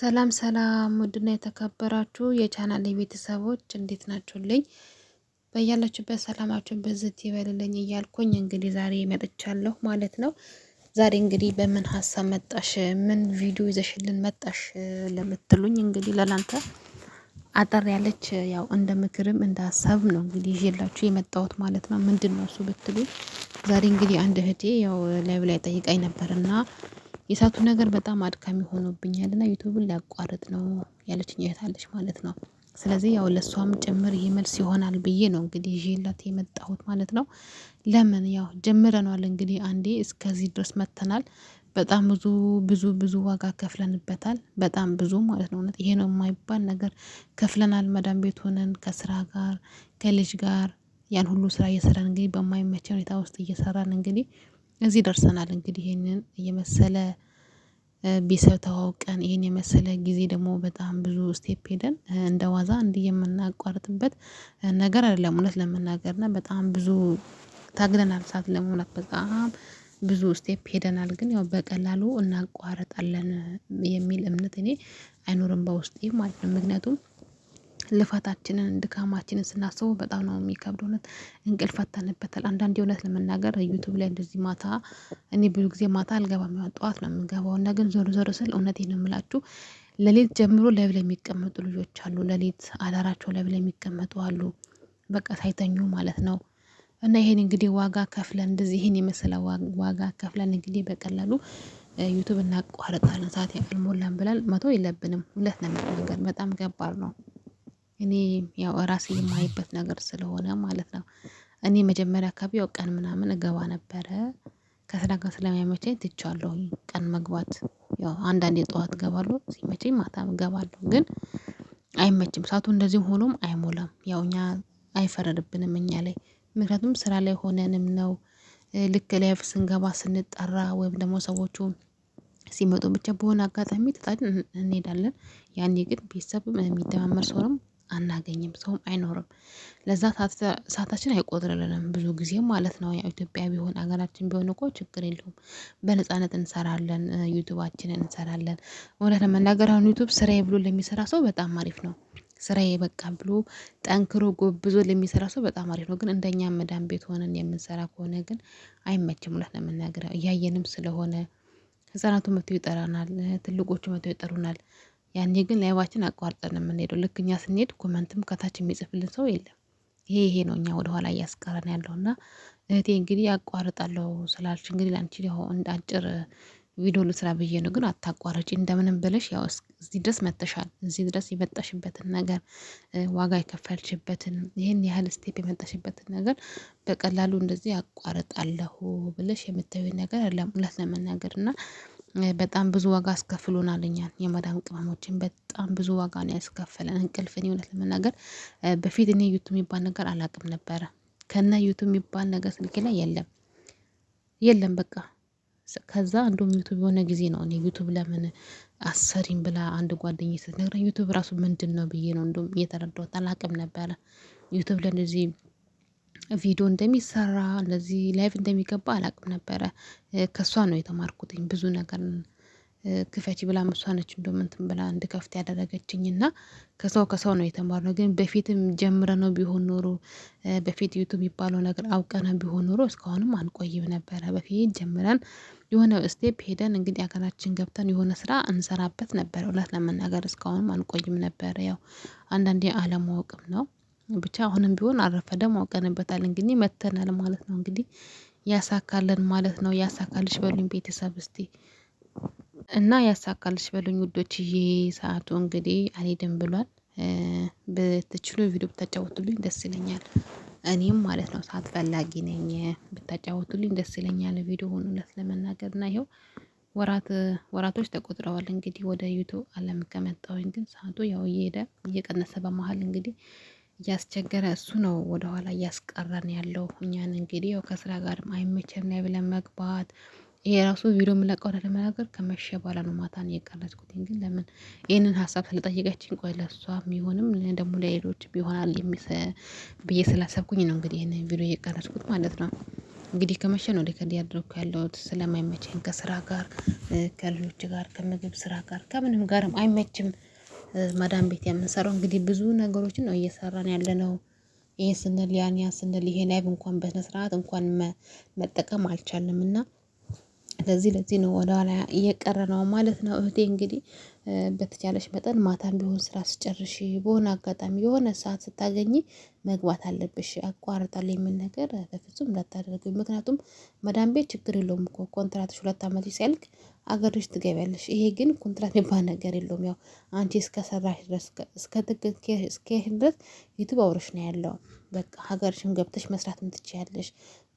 ሰላም ሰላም ውድና የተከበራችሁ የቻናል ቤተሰቦች እንዴት ናችሁልኝ? በያላችሁበት ሰላማችሁን በዝት ይበልልኝ እያልኩኝ እንግዲህ ዛሬ መጥቻለሁ ማለት ነው። ዛሬ እንግዲህ በምን ሀሳብ መጣሽ፣ ምን ቪዲዮ ይዘሽልን መጣሽ ለምትሉኝ እንግዲህ ለላንተ አጠር ያለች ያው እንደ ምክርም እንደ ሀሳብ ነው እንግዲህ ይዤላችሁ የመጣሁት ማለት ነው። ምንድን ነው እሱ ብትሉኝ ዛሬ እንግዲህ አንድ እህቴ ያው ላይብ ላይ ጠይቃኝ ነበርና የሳቱ ነገር በጣም አድካሚ ሆኖብኛል እና ዩቱብን ሊያቋርጥ ነው ያለችኝ እህት ማለት ነው። ስለዚህ ያው ለእሷም ጭምር ይህ መልስ ይሆናል ብዬ ነው እንግዲህ ይዤላት የመጣሁት ማለት ነው። ለምን ያው ጀምረነዋል እንግዲህ አንዴ እስከዚህ ድረስ መጥተናል። በጣም ብዙ ብዙ ብዙ ዋጋ ከፍለንበታል በጣም ብዙ ማለት ነው እውነት ይሄ ነው የማይባል ነገር ከፍለናል መዳም ቤት ሆነን ከስራ ጋር ከልጅ ጋር ያን ሁሉ ስራ እየሰራን እንግዲህ በማይመቸ ሁኔታ ውስጥ እየሰራን እንግዲህ እዚህ ደርሰናል። እንግዲህ ይህንን የመሰለ ቤተሰብ ተዋውቀን ይህን የመሰለ ጊዜ ደግሞ በጣም ብዙ ስቴፕ ሄደን እንደ ዋዛ እንዲህ የምናቋርጥበት ነገር አይደለም። እውነት ለመናገር እና በጣም ብዙ ታግለናል ሰዓት ለመሙላት በጣም ብዙ ስቴፕ ሄደናል። ግን ያው በቀላሉ እናቋርጣለን የሚል እምነት እኔ አይኖርም በውስጤ ማለት ነው። ምክንያቱም ልፋታችንን ድካማችንን ስናስቡ በጣም ነው የሚከብደው። እውነት እንቅልፍ አጥተንበታል አንዳንዴ እውነት ለመናገር ዩቱብ ላይ እንደዚህ ማታ እኔ ብዙ ጊዜ ማታ አልገባም ይሆን ጠዋት ነው የምንገባው እና ግን ዞር ዞር ስል እውነት ነው የምላችሁ። ሌሊት ጀምሮ ላይቭ ላይ የሚቀመጡ ልጆች አሉ ሌሊት አዳራቸው ላይቭ ላይ የሚቀመጡ አሉ። በቃ ሳይተኙ ማለት ነው። እና ይሄን እንግዲህ ዋጋ ከፍለን እንደዚህ ይሄን የመሰለ ዋጋ ከፍለን እንግዲህ በቀላሉ ዩቲዩብ እናቋርጣለን ሰዓት አልሞላም ብለን መቶ የለብንም። እውነት ለመናገር በጣም ገባር ነው እኔ ያው ራሴ የማይበት ነገር ስለሆነ ማለት ነው። እኔ መጀመሪያ አካባቢ ያው ቀን ምናምን እገባ ነበረ። ከስራ ጋር ስለማይመቸኝ ትቼዋለሁኝ ቀን መግባት ያው አንዳንዴ ጠዋት እገባለሁ ሲመቸኝ ገባለሁ እገባለሁ ግን አይመችም ሰዓቱ እንደዚህ ሆኖም አይሞላም ያው እኛ አይፈረድብንም እኛ ላይ ምክንያቱም ስራ ላይ ሆነንም ነው። ልክ ላይቭ ስንገባ ስንጠራ ወይም ደግሞ ሰዎቹ ሲመጡ ብቻ በሆነ አጋጣሚ ትታን እንሄዳለን። ያኔ ግን ቤተሰብ የሚደማመር ሰውም አናገኝም፣ ሰውም አይኖርም። ለዛ ሰዓታችን አይቆጥርልንም ብዙ ጊዜ ማለት ነው። ያው ኢትዮጵያ ቢሆን አገራችን ቢሆን እኮ ችግር የለውም። በነጻነት እንሰራለን፣ ዩቱባችንን እንሰራለን። እውነት ለመናገር አሁን ዩቱብ ስራዬ ብሎ ለሚሰራ ሰው በጣም አሪፍ ነው። ስራዬ በቃ ብሎ ጠንክሮ ጎብዞ ለሚሰራ ሰው በጣም አሪፍ ነው። ግን እንደኛ መዳን ቤት ሆነን የምንሰራ ከሆነ ግን አይመችም። እውነት ለመናገር እያየንም ስለሆነ ህጻናቱ መጥተው ይጠራናል፣ ትልቆቹ መጥተው ይጠሩናል። ያኔ ግን ላይባችን አቋርጠን የምንሄደው ልክ እኛ ስንሄድ ኮመንትም ከታች የሚጽፍልን ሰው የለም። ይሄ ይሄ ነው እኛ ወደኋላ እያስቀረን ያለው እና እህቴ እንግዲህ አቋርጣለሁ ስላልሽ እንግዲህ ለአንቺ እንደ አጭር ቪዲዮ ልስራ ብዬ ነው። ግን አታቋረጪ እንደምንም ብለሽ ያው እዚህ ድረስ መጥተሻል። እዚህ ድረስ የመጣሽበትን ነገር ዋጋ የከፈልሽበትን ይህን ያህል ስቴፕ የመጣሽበትን ነገር በቀላሉ እንደዚህ አቋርጣለሁ ብለሽ የምታዩ ነገር ለመናገር እና በጣም ብዙ ዋጋ አስከፍሎናል እኛን የመዳም ቅመሞችን በጣም ብዙ ዋጋ ነው ያስከፈለን። እንቅልፍን እውነት ለመናገር በፊት እኔ ዩቱብ የሚባል ነገር አላቅም ነበረ ከነ ዩቱብ የሚባል ነገር ስልክ ላይ የለም። የለም በቃ ከዛ እንደውም ዩቱብ የሆነ ጊዜ ነው እኔ ዩቱብ ለምን አሰሪም ብላ አንድ ጓደኛዬ ስትነግረኝ ዩቱብ ራሱ ምንድን ነው ብዬ ነው እንደውም የተረዳሁት አላቅም ነበረ። ዩቱብ ለእንደዚህ ቪዲዮ እንደሚሰራ እንደዚህ ላይቭ እንደሚገባ አላውቅም ነበረ። ከእሷ ነው የተማርኩትኝ ብዙ ነገር ክፈቺ ብላ እሷ ነች እንደውም ብላ እንድከፍት ያደረገችኝ እና ከሰው ከሰው ነው የተማርነው። ግን በፊትም ጀምረ ነው ቢሆን ኖሮ በፊት ዩቱብ የሚባለው ነገር አውቀነ ቢሆን ኖሮ እስካሁንም አንቆይም ነበረ። በፊት ጀምረን የሆነ ስቴፕ ሄደን እንግዲህ ሀገራችን ገብተን የሆነ ስራ እንሰራበት ነበረ። እውነት ለመናገር እስካሁንም አንቆይም ነበረ። ያው አንዳንዴ አለማወቅም ነው ብቻ አሁንም ቢሆን አልረፈደም አውቀንበታል እንግዲህ መተናል ማለት ነው። እንግዲህ ያሳካልን ማለት ነው። ያሳካልሽ በሉኝ ቤተሰብ እስቲ እና ያሳካልሽ በሉኝ ይሄ ሰዓቱ እንግዲህ አልሄድም ብሏል። ብትችሉ ቪዲዮ ብታጫወቱልኝ ደስ ይለኛል። እኔም ማለት ነው ሰዓት ፈላጊ ነኝ ብታጫወቱልኝ ደስ ይለኛል። ቪዲዮውን እውነት ለመናገር እና ይኸው ወራት ወራቶች ተቆጥረዋል እንግዲህ ወደ ዩቱብ አለም ከመጣሁኝ ግን ሰዓቱ ያው እየሄደ እየቀነሰ በመሃል እንግዲህ እያስቸገረ እሱ ነው ወደኋላ እያስቀረን ያለው እኛን። እንግዲህ ያው ከስራ ጋር አይመቸን ብለን መግባት ይሄ ራሱ ቪዲዮ የምለቀው ለመናገር ከመሸ በኋላ ነው ማታን ነው የቀረጽኩት። ግን ለምን ይህንን ሀሳብ ስለጠየቀችኝ ቆይ ለእሷ የሚሆንም ደግሞ ለሌሎች ቢሆናል የሚሰ ብዬ ስላሰብኩኝ ነው እንግዲህ ይህንን ቪዲዮ እየቀረጽኩት ማለት ነው። እንግዲህ ከመሸ ነው ሪከርድ ያደረኩ ያለሁት ስለማይመቸኝ ከስራ ጋር ከልጆች ጋር ከምግብ ስራ ጋር ከምንም ጋርም አይመችም። ማዳም ቤት የምንሰራው እንግዲህ ብዙ ነገሮችን ነው እየሰራን ያለ ነው። ይሄን ስንል ያን ያን ስንል ይሄን አይብ እንኳን በስነ እንኳን መጠቀም አልቻልንም እና ለዚህ ለዚህ ነው ወደኋላ እየቀረ ነው ማለት ነው። እህቴ እንግዲህ በተቻለች መጠን ማታም ቢሆን ስራ ስጨርሽ በሆነ አጋጣሚ የሆነ ሰዓት ስታገኝ መግባት አለብሽ አቋርጣለሁ የሚል ነገር በፍጹም እንዳታደርጊው። ምክንያቱም መዳን ቤት ችግር የለውም እኮ ኮንትራትሽ ሁለት አመት ሲያልቅ አገርሽ ትገቢያለሽ። ይሄ ግን ኮንትራት የሚባል ነገር የለውም። ያው አንቺ እስከ ሰራሽ ድረስ እስከ እስከሄድሽ ድረስ ዩቱብ አውረሽ ነው ያለው። በቃ ሀገርሽም ገብተሽ መስራት ትችያለሽ።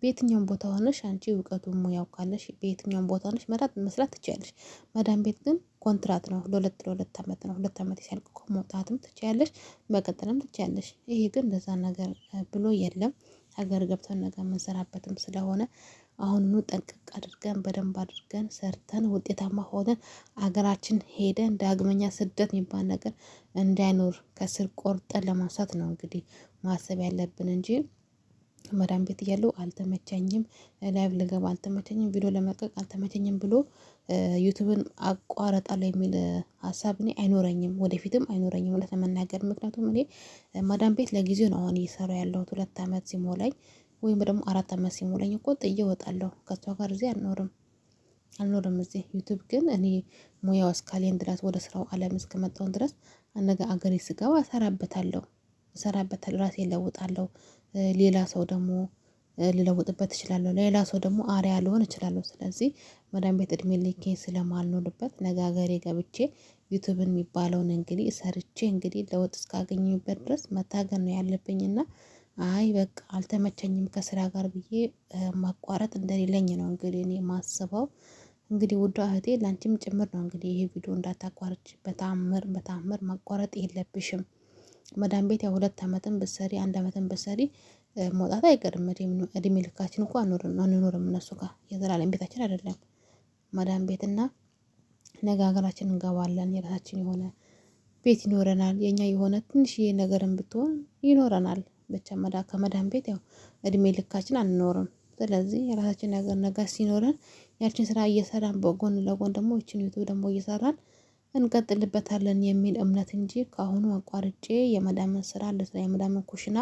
በየትኛውም ቦታ ሆነሽ አንቺ እውቀቱ ሙያው ካለሽ በየትኛውም ቦታ ሆነሽ መራት መስራት ትችያለሽ። መዳም ቤት ግን ኮንትራት ነው፣ ለሁለት ለሁለት አመት ነው። ሁለት አመት ሲያልቅ እኮ መውጣትም ትችያለሽ፣ መቀጠልም ትችያለሽ። ይሄ ግን እንደዛ ነገር ብሎ የለም። ሀገር ገብተን ነገር የምንሰራበትም ስለሆነ አሁኑኑ ጠንቀቅ አድርገን በደንብ አድርገን ሰርተን ውጤታማ ሆነን አገራችን ሄደን ዳግመኛ ስደት የሚባል ነገር እንዳይኖር ከስር ቆርጠን ለማንሳት ነው እንግዲህ ማሰብ ያለብን እንጂ መዳን ቤት እያለው አልተመቸኝም፣ ላይቭ ልገባ አልተመቸኝም፣ ቪዲዮ ለመቀቅ አልተመቸኝም ብሎ ዩቱብን አቋረጣለሁ የሚል ሀሳብ እኔ አይኖረኝም፣ ወደፊትም አይኖረኝም እውነት ለመናገር ምክንያቱም እኔ መዳን ቤት ለጊዜው ነው አሁን እየሰራ ያለሁት ሁለት ዓመት ሲሞላኝ ወይም ደግሞ አራት አመት ሲሞላኝ እኮ ጥዬ እወጣለሁ ከእሷ ጋር እዚህ አልኖርም። አልኖርም እዚህ ዩቱብ ግን እኔ ሙያው እስካሌን ድረስ ወደ ስራው አለም እስከመጣውን ድረስ ነገ አገሬ ስገባ እሰራበታለሁ እሰራበታለሁ ራሴ እለውጣለሁ። ሌላ ሰው ደግሞ ልለውጥበት እችላለሁ ሌላ ሰው ደግሞ አሪያ ልሆን እችላለሁ። ስለዚህ መዳም ቤት እድሜ ልኬን ስለማልኖርበት ነገ አገሬ ገብቼ ዩቱብ የሚባለውን እንግዲህ ሰርቼ እንግዲህ ለውጥ እስካገኘሁበት ድረስ መታገል ነው ያለብኝና። አይ በቃ አልተመቸኝም ከስራ ጋር ብዬ ማቋረጥ እንደሌለኝ ነው እንግዲህ እኔ የማስበው። እንግዲህ ውዷ እህቴ ለአንቺም ጭምር ነው እንግዲህ ይሄ ቪዲዮ እንዳታቋርጭ፣ በታምር በታምር ማቋረጥ የለብሽም። መዳን ቤት የሁለት ሁለት አመትም አንድ አመትን በሰሪ መውጣት አይቀርም እድሜ ልካችን እኮ አንኖርም እነሱ ጋር የዘላለም ቤታችን አይደለም። መዳን ቤትና ነገ ሀገራችን እንገባለን የራሳችን የሆነ ቤት ይኖረናል የኛ የሆነ ትንሽ ነገርን ብትሆን ይኖረናል ብቻ መዳ ከመዳን ቤት ያው እድሜ ልካችን አንኖርም። ስለዚህ የራሳችን ነገር ነገር ሲኖረን ያችን ስራ እየሰራን በጎን ለጎን ደግሞ ይቺን ዩቱብ ደግሞ እየሰራን እንቀጥልበታለን የሚል እምነት እንጂ ከአሁኑ አቋርጬ የመዳምን ስራ ልስራ የመዳምን ኩሽና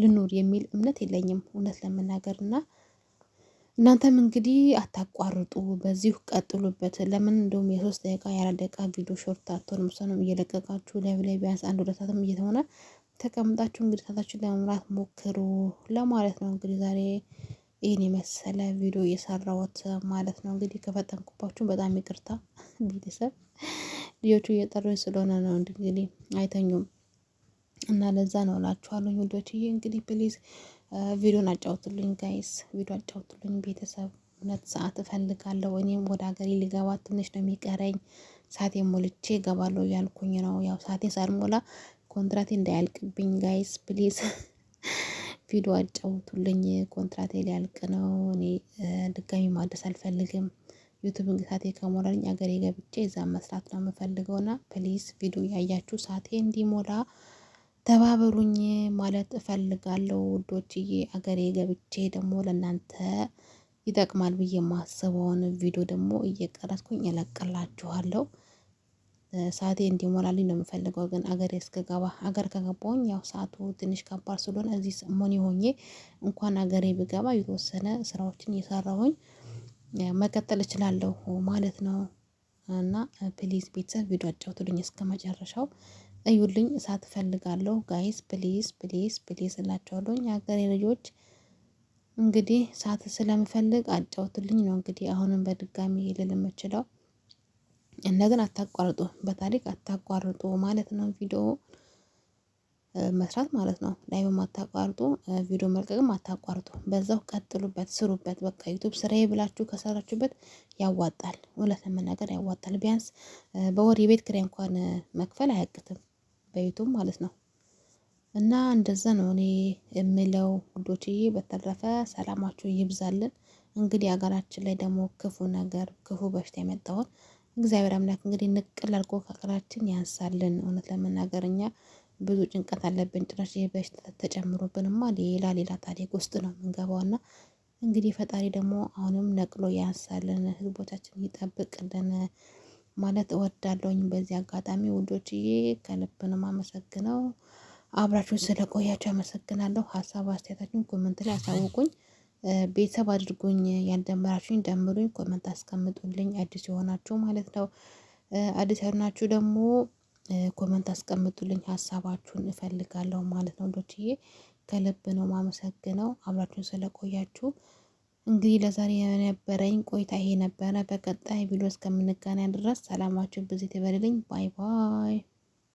ልኑር የሚል እምነት የለኝም። እውነት ለመናገር እና እናንተም እንግዲህ አታቋርጡ በዚሁ ቀጥሉበት። ለምን እንደውም የሶስት ደቂቃ የአራት ደቂቃ ቪዲዮ ሾርት አቶን እሷንም እየለቀቃችሁ ላይ ላይ ቢያንስ አንድ ሁለት እየተሆነ ተቀምጣችሁ እንግዲህ ሰዓታችሁን ለመምራት ሞክሩ ለማለት ነው። እንግዲህ ዛሬ ይህን የመሰለ ቪዲዮ እየሰራሁት ማለት ነው። እንግዲህ ከፈጠንኩባችሁ በጣም ይቅርታ ቤተሰብ ልጆቹ እየጠሩኝ ስለሆነ ነው እንግዲህ አይተኙም እና ለዛ ነው እላችኋለሁ። ውዶችዬ እንግዲህ ፕሊዝ ቪዲዮን አጫውትልኝ ጋይስ፣ ቪዲዮ አጫውትልኝ ቤተሰብ። እውነት ሰዓት እፈልጋለሁ እኔም ወደ ሀገሬ ልገባ ትንሽ ነው የሚቀረኝ። ሳቴ ሞልቼ እገባለሁ እያልኩኝ ነው። ያው ሳቴ ሳልሞላ ኮንትራቴ እንዳያልቅብኝ ጋይስ ፕሊዝ ቪዲዮ አጫውቱልኝ። ኮንትራቴ ሊያልቅ ነው። እኔ ድጋሚ ማደስ አልፈልግም። ዩቱብ ግሳቴ ከሞላልኝ አገሬ ገብቼ እዛ መስራት ነው የምፈልገው እና ፕሊዝ ቪዲዮ ያያችሁ ሳቴ እንዲሞላ ተባበሩኝ ማለት እፈልጋለሁ ውዶችዬ። አገሬ ገብቼ ደግሞ ለእናንተ ይጠቅማል ብዬ የማስበውን ቪዲዮ ደግሞ እየቀረጽኩኝ እለቅላችኋለሁ። ሰዓቴ እንዲሞላልኝ ነው የምፈልገው። ግን አገር እስክገባ አገር ከገባውኝ ያው ሰዓቱ ትንሽ ከባድ ስለሆነ እዚህ ሞኒ ሆኜ እንኳን አገሬ ብገባ የተወሰነ ስራዎችን እየሰራሁኝ መቀጠል እችላለሁ ማለት ነው። እና ፕሊዝ ቤተሰብ ቪዲዮ አጫውትልኝ እስከ መጨረሻው እዩልኝ እሳት እፈልጋለሁ ጋይስ ፕሊዝ ፕሊዝ ፕሊዝ እላቸዋለሁኝ የሀገሬ ልጆች። እንግዲህ እሳት ስለምፈልግ አጫውትልኝ ነው እንግዲህ አሁንም በድጋሚ ልል የምችለው ነገር አታቋርጡ በታሪክ አታቋርጡ ማለት ነው። ቪዲዮ መስራት ማለት ነው። ላይቭም አታቋርጡ ቪዲዮ መልቀቅም አታቋርጡ በዛው ቀጥሉበት ስሩበት። በቃ ዩቱብ ስራዬ ብላችሁ ከሰራችሁበት ያዋጣል። እውነት ለመናገር ያዋጣል። ቢያንስ በወር የቤት ክሬ እንኳን መክፈል አያቅትም በዩቱብ ማለት ነው። እና እንደዛ ነው እኔ የምለው ውዶችዬ። በተረፈ ሰላማችሁ ይብዛልን። እንግዲህ ሀገራችን ላይ ደግሞ ክፉ ነገር ክፉ በሽታ የመጣውን እግዚአብሔር አምላክ እንግዲህ ንቅል አድርጎ ከአቅራችን ያንሳልን። እውነት ለመናገር እኛ ብዙ ጭንቀት አለብን። ጭራሽ ይህ በሽታ ተጨምሮብንማ ሌላ ሌላ ታሪክ ውስጥ ነው የምንገባውና እንግዲህ ፈጣሪ ደግሞ አሁንም ነቅሎ ያንሳልን፣ ህዝቦቻችን ይጠብቅልን ማለት እወዳለሁኝ። በዚህ አጋጣሚ ውዶችዬ ከልብ ነው የማመሰግነው። አብራችሁን ስለቆያችሁ አመሰግናለሁ። ሀሳብ አስተያየታችሁን ኮመንት ላይ አሳውቁኝ። ቤተሰብ አድርጎኝ ያልደመራችሁኝ ደምሩኝ ኮመንት አስቀምጡልኝ አዲስ የሆናችሁ ማለት ነው። አዲስ ያልሆናችሁ ደግሞ ኮመንት አስቀምጡልኝ ሀሳባችሁን እፈልጋለሁ ማለት ነው። ዶችዬ ከልብ ነው ማመሰግነው አብራችሁን ስለቆያችሁ። እንግዲህ ለዛሬ የነበረኝ ቆይታ ይሄ ነበረ። በቀጣይ ቪዲዮ እስከምንገናኝ ድረስ ሰላማችሁን ብዝት ይበልልኝ ባይ ባይ